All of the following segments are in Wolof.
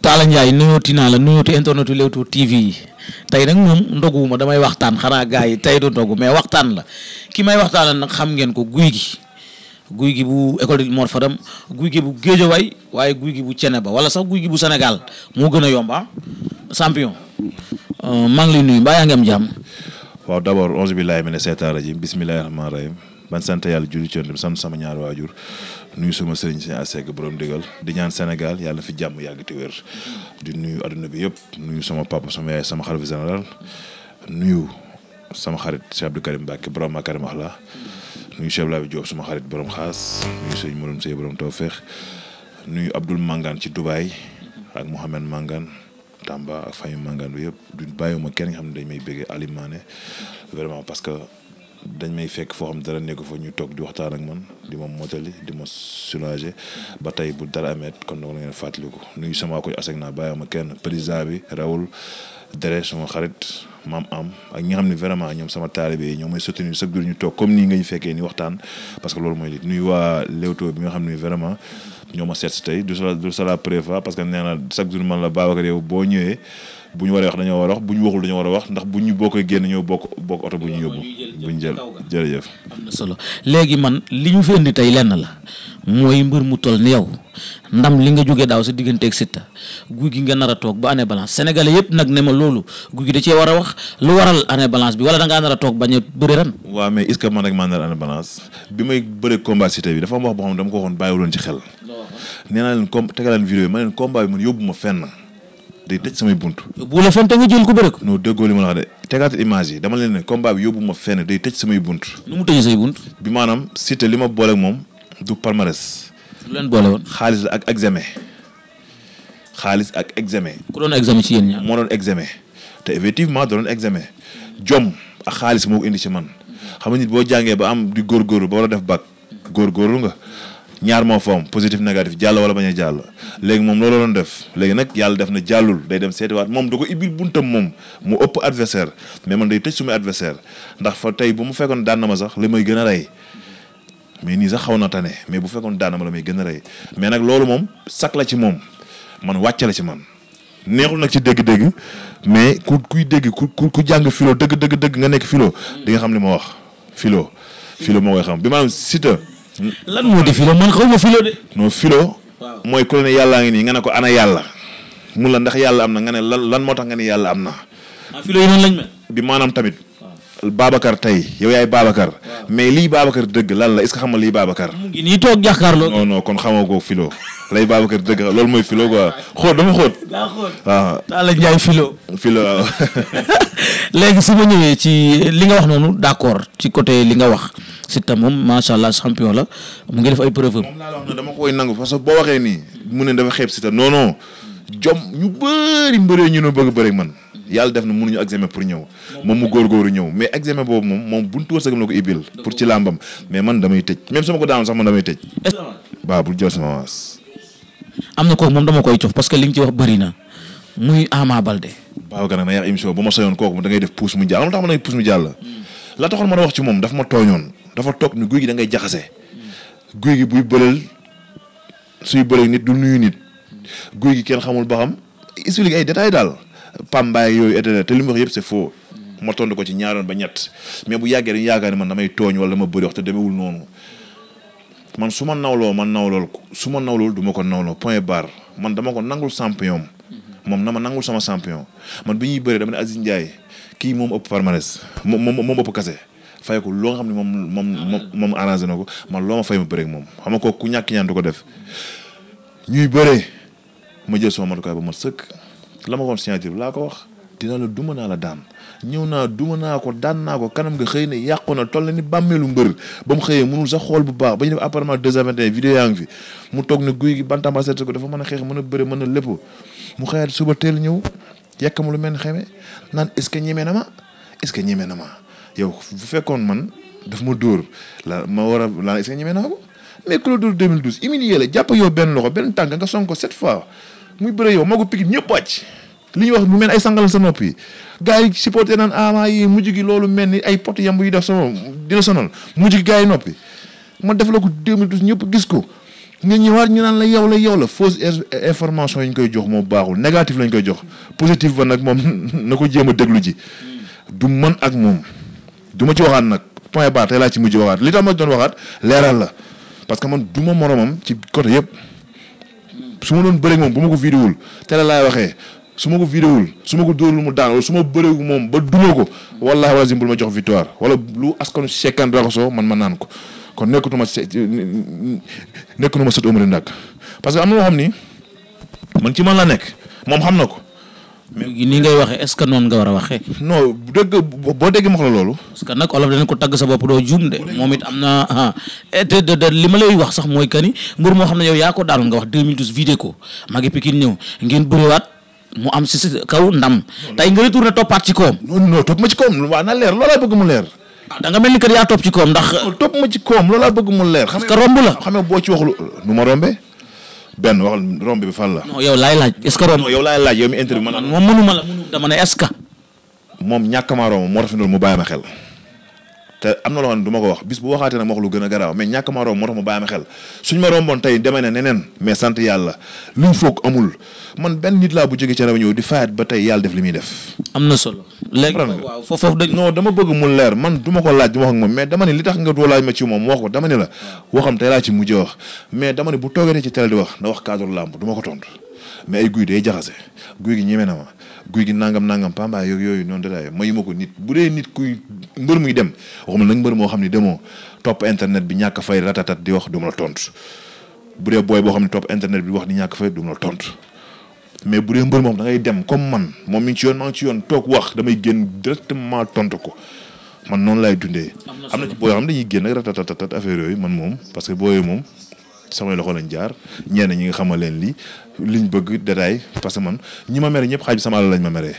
Talla Ndiaye nuyooti naa la nuyooti internet yu Leewtoo TV yi tey nag moom ndoguwuma damay waxtaan xanaa gars yi tey du ndogu mais waxtaan la ki may waxtaanal nag xam ngeen ko guy gi gi bu école Mor guy gi bu Géejawaay waaye guy gi bu Ceneba wala sax guy gi bu senegal moo gën a yomba ah. champion euh, maa ngi lay nuyu mbaa yaa ngi am jàmm waaw d'abord auzu billaahi mina seytaani rajiim bismillaahi rahmaani rahiim man sant yàlla julli ci bi sant sama ñaar waajur nuyu suma sëriñ si Aseg borom digal di ñaan Sénégal yàlla fi jàmm yàgg te wér di nuyu adduna bi yëpp nuyu sama papa sama yaay sama xarit général nuyu sama xarit Cheikh Abdou Karim Mbacke borom Makarim Axla nuyu Cheikh Labi Diop sama xarit borom xaas nuyu sëñ Moroum Seye borom Tawfeex nuyu Abdoul Mangane ci Dubaay ak Mouhamed Mangane Tamba ak famille Mangane bi yëpp du bàyyiwuma kenn nga xam ne dañ dañ may fekk foo xam ne nekku fa ñu toog di waxtaan ak man di ma motali di ma soulager ba tey bu dara amee kon nag la ngeen fàttaliku nuyu sama koy asek naa bàyyi ma kenn président bi Raoul Dere sama xarit maam am ak ñi xam ne vraiment ñoom sama taalibe yi ñoom mooy soutenir comme nii nga ni waxtaan parce que loolu mooy li nuyu waa Leewtoo bi nga xam ne vraiment ma seet si tey du sala du sala préva ah, parce que nee na chaque jour man la Babacar yow boo ñëwee bu ñu waree wax dañoo war a wax bu waxul dañoo war a wax ndax bu ñu bokkee génn ñoo bokk bokk oto bu ñu yóbbu bu ñu jël jërëjëf. am na solo léegi man li ñu fi indi tey lenn la mooy mbër mu toll ni yow ndam li nga jógee daaw sa digganteeg Siteu guy gi nga nar a toog ba année balance sénégalais yëpp nag ne ma loolu guy gi da cee war a wax lu waral année balance bi wala da ngaa a toog bañ a bëri ren. waaw mais est-ce que man rek maa nar année balance bi may bëre combat Siteu bi dafa am wax boo xam ne dama ko waxoon bàyyiwuloon ci xel. nee naa leen comme tegalaan vidéo ma leen combat bi man yóbbu ma fenn. day tëj samay bunt. bu la fente nga jël ko bëri ko. non déggoo li ma la wax de tegaatal image yi dama leen ne combat bi yóbbu ma fenn day tëj samay bunt. nu mu tëjee say bunt. bi maanaam Siteu li ma booleeg moom du palmarès. lu leen boole woon xaalis la ak examen. xaalis ak examen. ku doon examen ci yéen ñaar. moo doon examen te effectivement doon examen jom ak xaalis moo ko indi ci man xam nga nit boo jàngee ba am di góorgóorlu ba war a def bac góorgóorlu nga. ñaar moo foom positif négatif jàll wala bañ a jàll léegi moom loolu doon def léegi nag yàlla def na jàllul day dem seetiwaat moom da ko ibbil buntam moom mu ëpp adversaire mais man day tëj suma adversaire ndax fa tey bu mu fekkoon daan na sax li may gën a rey mais nii sax xaw na tane mais bu fekkoon daan ma la may gën a rey mais nag loolu moom sak la ci moom man wàcc la ci man neexul nag ci dégg-dégg mais ku kuy dégg ku ku jàng filo dëgg dëgg dëgg nga nekk filo di nga xam li ma wax filo filo moo xam bi maanaam Siteu lan moo di filo man xaw ma filo de. non filo. waaw mooy ku ne yàllaa ngi nii nga ne ko ana yàlla. mu la ndax yàlla am na nga ne lan lan moo tax nga ne yàlla am na. ah maanaam tamit Babacar tey yow yaay Babacar. mais lii Babacar dëgg lan la est ce xam nga lii Babacar. mu ngi nii toog jàkkaarloo. non non kon xamoo filo lay Babacar dëgg loolu mooy filo quoi xóot dama xóot. daa xóot ah. waaw. Talla léegi su ma ñëwee ci li nga wax noonu d' accord ci côté li nga wax Siteu moom macha allah champion la mu ngi def ay preuve laa la wax ne dama koy waxee nii. mu ne dafa xeeb Siteu non non. jom ñu bëri mbëree ñu ne bëgg bëri man. yàlla def na mënuñu examen pour ñëw moom mu góorgóoru ñëw mais examen boobu moom moom buntu wërsëgam la ko ibil pour ci làmbam mais man damay tëj même su ma ko daanoon sax man damay tëj baa bul jël sama waas am na kooku moom dama koy cof parce que li nga ci wax bari na muy Ama Balde baaw ga nag na yàq émission bu ma soyoon kooku da ngay def puus mu jàll la tax ma da ngay puus wax ci moom dafa ma tooñoon dafa toog ni guy gi da ngay jaxase guy gi buy bëlal suy bëlal nit du nuyu nit guy gi kenn xamul ba xam explique ay détails pambaay yooyu et te li mu wax yëpp foo faux ton tontu ko ci ñaaroon ba ñett mais bu yàggee dañu yaakaar ne man damay tooñ wala ma bëri wax te demewul noonu man su ma nawloo man nawlool su ma nawlool du ma ko nawloo point barre man dama ko nangul champion moom na ma nangul sama man bi ñuy bëree dama ne Aziz Ndiaye kii moom ëpp palmarès moom moom ëpp kase fay ko loo xam ne moom moom moom arrangé na ko man loo ma fay ma bëreeg moom xam nga ko ku ñàkk ñaan du ko def ñuy bëree ma jël sama matukaay ba ma sëkk. la ma woon signature laa ko wax dina la duma naa la daan ñëw naa duma naa ko daan naa ko kanam nga xëy na yàqu na toll na ni bàmmeelu mbër ba mu xëyee mënul sax xool bu baax ba ñu def apparemment 221 vidéo yaa ngi fi mu toog ne guy gi bantamba seet ko dafa mën a xeex mën a bëre mën a lépp mu xëyaat suba teel ñëw yàkkam lu mel ni xeme naan est ce que ñeme na ma est que ñeme na ma yow bu fekkoon man daf ma dóor la ma war a la est ce que ñeme naa ko loxo benn tànk nga song ko sept fois muy bëre yow ko Pikine ñëpp wàcc li ñu wax mu mel ay sangalal sa nopp yi gars yi supporté naan ama ah yi mujj gi loolu mel ni ay pot yamb yu def soo di la sonal mujj gi gars yi noppi ma def la ko 2012 ñëpp gis ko nga ñëwaat ñu naan la yow la yow la fausse information yi ñu koy jox moo baaxul négatif lañ koy jox positif ba nag moom na ko jéem a déglu ji du man ak moom duma ma ci waxaat nag point barre tey laa ci mujj waxaat li tax ma doon waxaat leeral la parce que man du ma moromam ci côté yëpp su ma doon bëreeg moom bu ma ko vidéowul te la laay waxee suma ko vidéowul su ma ko dóorul mu daan wala su ma bëreegu moom ba duma ko wallaahi wala zimbul ma jox victoire wala lu askanu sekkan raxasoo man ma naan ko kon nekkatuma se nekkatuma sët Omar Ndak parce que am na loo xam ni man ci man la nekk moom xam na ko. ni ngay waxee est ce que noonu nga war a boo déggee ma wax que nag olof dana ko bopp doo moom ah, li ma lay wax sax mooy que ni mbir moo xam ne yow yaa ko daanu nga wax 2012 vidé ko magi Pikine ngeen bëriwaat mu am si kaw ndam. tey nga retourné toppaat ci koom. non topp ma ci koom waa na leer loolaa bëgg mu leer. ah nga mel ni que yaa topp ci koom ndax. topp ma ci koom loolaa xam nga romb la xam nga boo ci waxul nu ma rombee. benn waxal romb bi fan la. non yow laaj est ce yow laay laaj yow mi interview. man moom mënuma la dama ne est moom ñàkk maa romb moo rafetlu mu bàyyi a xel. te am na loo xam ne du ko wax bis bu waxaatee nag ma wax lu gën a garaaw mais ñàkk ma romb moo tax ma bàyyi ma xel suñ ma romboon tey demee ne neneen mais sant yàlla luñ foog amul man benn nit laa bu jógee ca raw ñëw di fayat ba tey yàlla def li muy def. am na solo. léegi waaw foofu dañ non dama bëgg mu leer man du ma ko laaj wax ak mais dama li tax nga doo ma moom wax ko dama ne la waxam tey laa ci mujjee wax mais dama ne bu te ci télé di wax na wax cadre làmb du ko tontu mais ay guy day jaxase guy gi ñeme na ma guy gi nangam nangam pamba yooyu yooyu noonu dadaay mayuma ko nit bu dee nit kuy mbër muy dem waxuma nag mbër moo xam ne demoo topp internet bi ñàkk fay ratatat di wax du ma bu dee booy boo xam ne topp internet bi wax di ñàkk fay du ma la tontu mais bu dee mbër moom da ngay dem comme man moom mi ngi ci yoon maa ci yoon toog wax damay génn directement tontu ko man noonu laay dundee. am na ci booy yoo xam ne dañuy génn ak ratatatat affaire yooyu man moom parce que booyee moom samay loxo lañ jaar ñenn ñi nga xamal leen li liñ bëgg détail parce que man ñi ma mere ñëpp xaaj bi sama àll lañ ma meree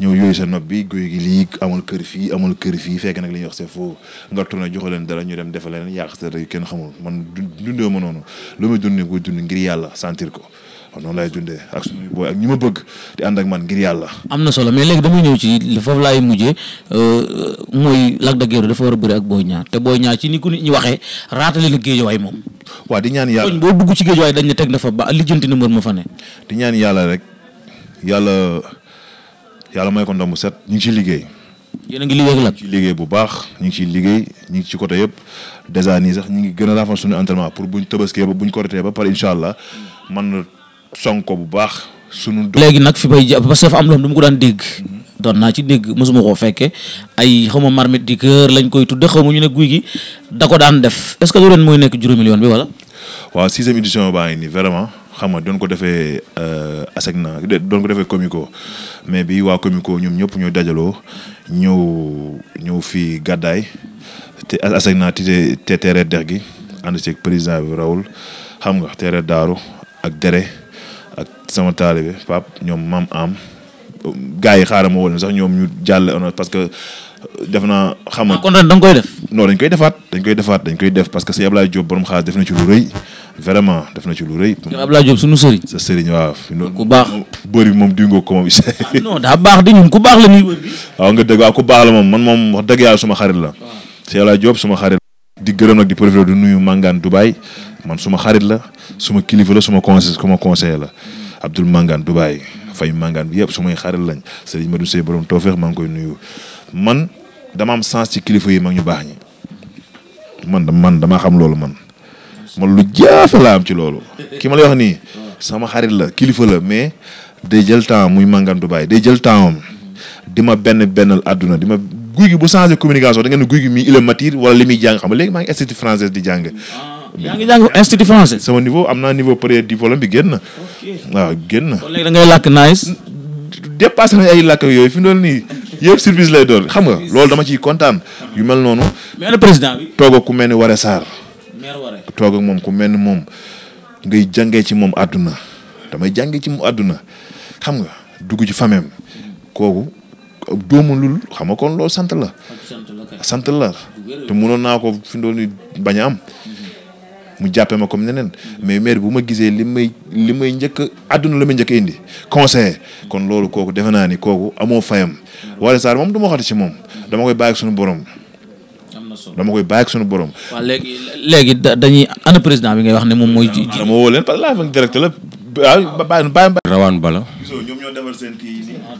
ñëw yooyu sa nopp bi guy gi lii amul kër fii amul kër fii fekk nag li wax c'est faux nga tourné joxe leen dara ñu dem defal leen yàq sa rek kenn xamul man dundee ma noonu lu muy dundee ko dund ngir yàlla sentir ko waaw noonu dundee ak suñu ak ñi ma bëgg di ànd ak man ngir yàlla. am na solo mais léegi dama ñëw ci li laay mujjee euh, mooy Lac de Guiers dafa war a bëri ak Boy Niang te Boy Niang ci ni ko nit ñi waxee raatale na moom. waaw ñaan yàlla boo dugg ci dañ ne teg na ba lijjanti na mbër ma fa ne. di ñaan yàlla rek yàlla. yàlla may ko ndamu set ñu ngi liggéey. yéen a ngi liggéey ci liggéey bu baax ñu ngi ciy liggéey ñu ngi ci côté yëpp dèjà nii sax ñu ngi gën a rafetlu suñu entraînement pour buñ tëbaskee ba buñ korité ba pare incha allah man song ko bu baax suñu. léegi nag fi may parce que dafa am loolu du mu ko daan dégg. doon naa ci dégg mosuma koo fekke ay xaw ma marmite di kër lañ koy tudde xaw ma ñu ne guy gi da ko daan def est ce que loolu ren mooy nekk juróomi bi wala. waaw sixième édition baa ngi nii vraiment xam nga doon ko defee euh, asek na doon ko defee comico mais bi waa comico ñoom ñëpp ñoo dajaloo ñëw ñëw fii gàddaay te asek na te te teere dex gi ànd ceeg président bi rawul xam nga teere daaru ak dere ak sama taalibe pap ñoom maam am gars yi xaaral ma wala sax ñoom ñu jàll parce que def naa xam nga kon da nga koy def non dañ koy defaat dañ koy defaat dañ koy def parce que si Ablaye Diop borom xaalis def na ci lu rëy vraiment def na ci lu rëy. Ablaye Diop sunu sëriñ. sa sëriñ waaw. ku baax bëri moom di ko moom. non daa baax de ñun ku baax baax la moom man moom wax dëgg yàlla suma xarit la. si Ablaye Diop suma xarit di gërëm nag di profité du nuyu Mangane Dubaay man suma xarit la suma kilifa la suma conseil suma conseiller la Abdoul Mangane Dubaay fay Mangane bi yëpp sumay xarit lañ Serigne Madou Seye borom toofeex maa ngi koy nuyu man dama am sens ci kilifa yi mag ñu baax ñi man da man dama xam loolu man man lu jaafe laa am ci loolu ki ma lay wax nii sama xarit la kilifa la mais day jël temps muy màngantu bàyyi day jël temps am di ma benn bennal àdduna di ma guy gi bu changé communication da ngeen ne gi mi il est wala li muy jàng xam nga léegi maa ngi institut di jàng. Ah, yaa ngi jàng sama niveau am naa niveau pré-diplôme bi génn. waaw génn. kon léegi da ngay làkk ay lakk yooyu fi mu nii. yëpp service lay doon xam nga loolu dama ciy kontaan. yu mel noonu. mais président bi. ku mel ni Waré Sarr. maire Waré toog ak moom ku mel ni moom ngay jàngee ci moom àdduna damay jàngee ci moom àdduna xam nga dugg ci famem kooku doomu lul xam nga kon lool sant la. sant la mënoon naa ko fi mu doon mu jàppee ma comme neneen mais maire bu ma gisee li may li may njëkk àdduna la may njëkk indi conseil kon loolu kooku defe naa ni kooku amoo fayam Wally Sarr moom du ma waxati ci moom dama koy bàyyi ak suñu borom dama koy bàyyi ak suñu borom. waaw léegi léegi dañuy ana président bi ngay wax ne moom mooy. ji dama woo leen parce que live direct la waaw bàyyi bala. gisoo ñoom ñoo defal seen kii yi ah,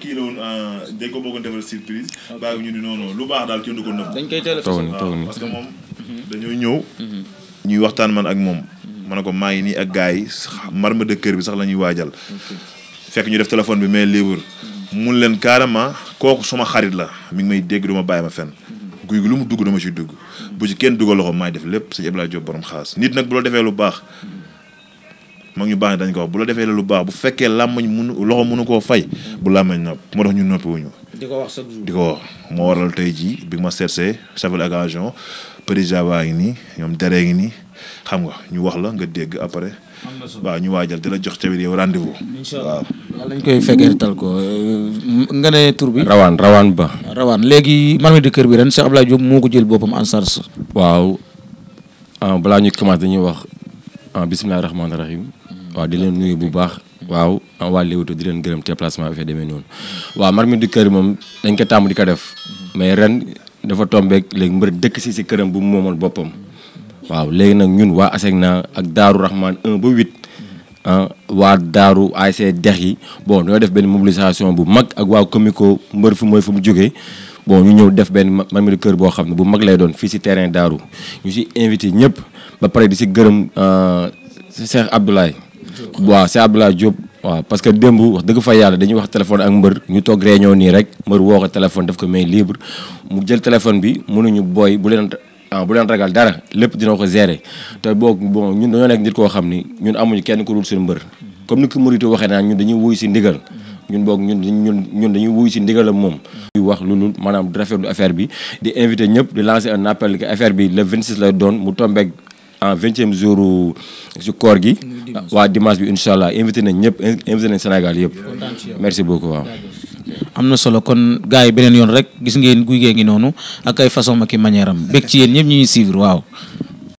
kii la woon euh, dañ ko bëggoon defal surprise. bàyyi ñu ni lu baax daal kenn du ko nëbb. dañ koy ñëw. Mhm. ñuy waxtaan man ak moom. ma ne ko maa ngi nii ak gars yi marme de kër bi sax la ñuy waajal. fekk ñu def téléphone bi mais libre. mun leen carrément kooku suma xarit la mi ngi may dégg duma bàyyi ma fenn. guy gi lu mu dugg dama si dugg. bu ci kenn duggal loxo maay def lépp sëñ Abdoulaye Diop borom xaas nit nag bu la defee lu baax. mag ñu baax dañ ko bu la defee lu baax bu fekkee làmmañ munu loxo munu koo fay. bu làmmañ nopp moo tax ñu noppiwuñu. di ko wax chaque di ko moo waral tey jii bi ma seetsee Savel ak président waa ngi nii ñoom deree ngi nii xam nga ñu wax la nga dégg après. waaw ñu waajal di la jox tamit yow rendez-vous. incha waaw lañ koy fekkee tal ko nga ne tur bi. rawaan rawaan ba. rawaan léegi man mi kër bi ren Cheikh Abdoulaye Diop moo ko jël boppam en charge. waaw ah, balaa ñuy commencé dañuy wax ah, bisimilah rahmaani rahim. Hmm. waaw di leen nuyu bu baax. waaw ah, waa Leewtoo di leen gërëm te placement fee demee noonu. waaw man mi di kër moom dañ ko tàmm di ko def. Hmm. mais ren. dafa tombeek léegi mbër dëkk si si këram bu mu moomal boppam waaw léegi nag ñun waa ASECNA ak Daaru Rahman 1 ba 8 ah, waa Daaru ASC dex yi bon dañoo def benn mobilisation bu mag ak waa Comico mbër fu mooy fu mu jógee bon ñu ñëw def benn mamiru kër boo xam ne bu mag lay doon fii si terrain Daaru ñu si invité ñëpp ba pare di si gërëm ah, Cheikh Abdoulaye waaw Cheikh Abdoulaye Diop waaw parce que démb wax dëgg fa yàlla dañuy wax téléphone ak mbër ñu toog réunion nii rek mbër woo ko téléphone daf ko may libre mu jël téléphone bi mënuñu booy bu leen ah bu leen ragal dara lépp dina ko gérer te boo bon ñun dañoo nekk nit koo xam ni ñun amuñu kenn ku dul suñu mbër comme ni ko Mouride waxee naan ñun dañuy wuy si ndigal ñun boo ñun ñun ñun dañuy wuy si ndigalam moom. di wax loolu maanaam rafetlu affaire bi di invité ñëpp di lancer un appel que affaire bi le 26 lay doon mu en vingtième jour su koor gi. Ah, waa dimanche bi incha allah invité nañ ñëpp invité Sénégal yëpp. merci beaucoup waaw. am na solo kon gars yi beneen yoon rek gis ngeen guy gee ngi noonu ak ay façon ma ki manière am ci yéen ñëpp ñu ngi suivre waaw.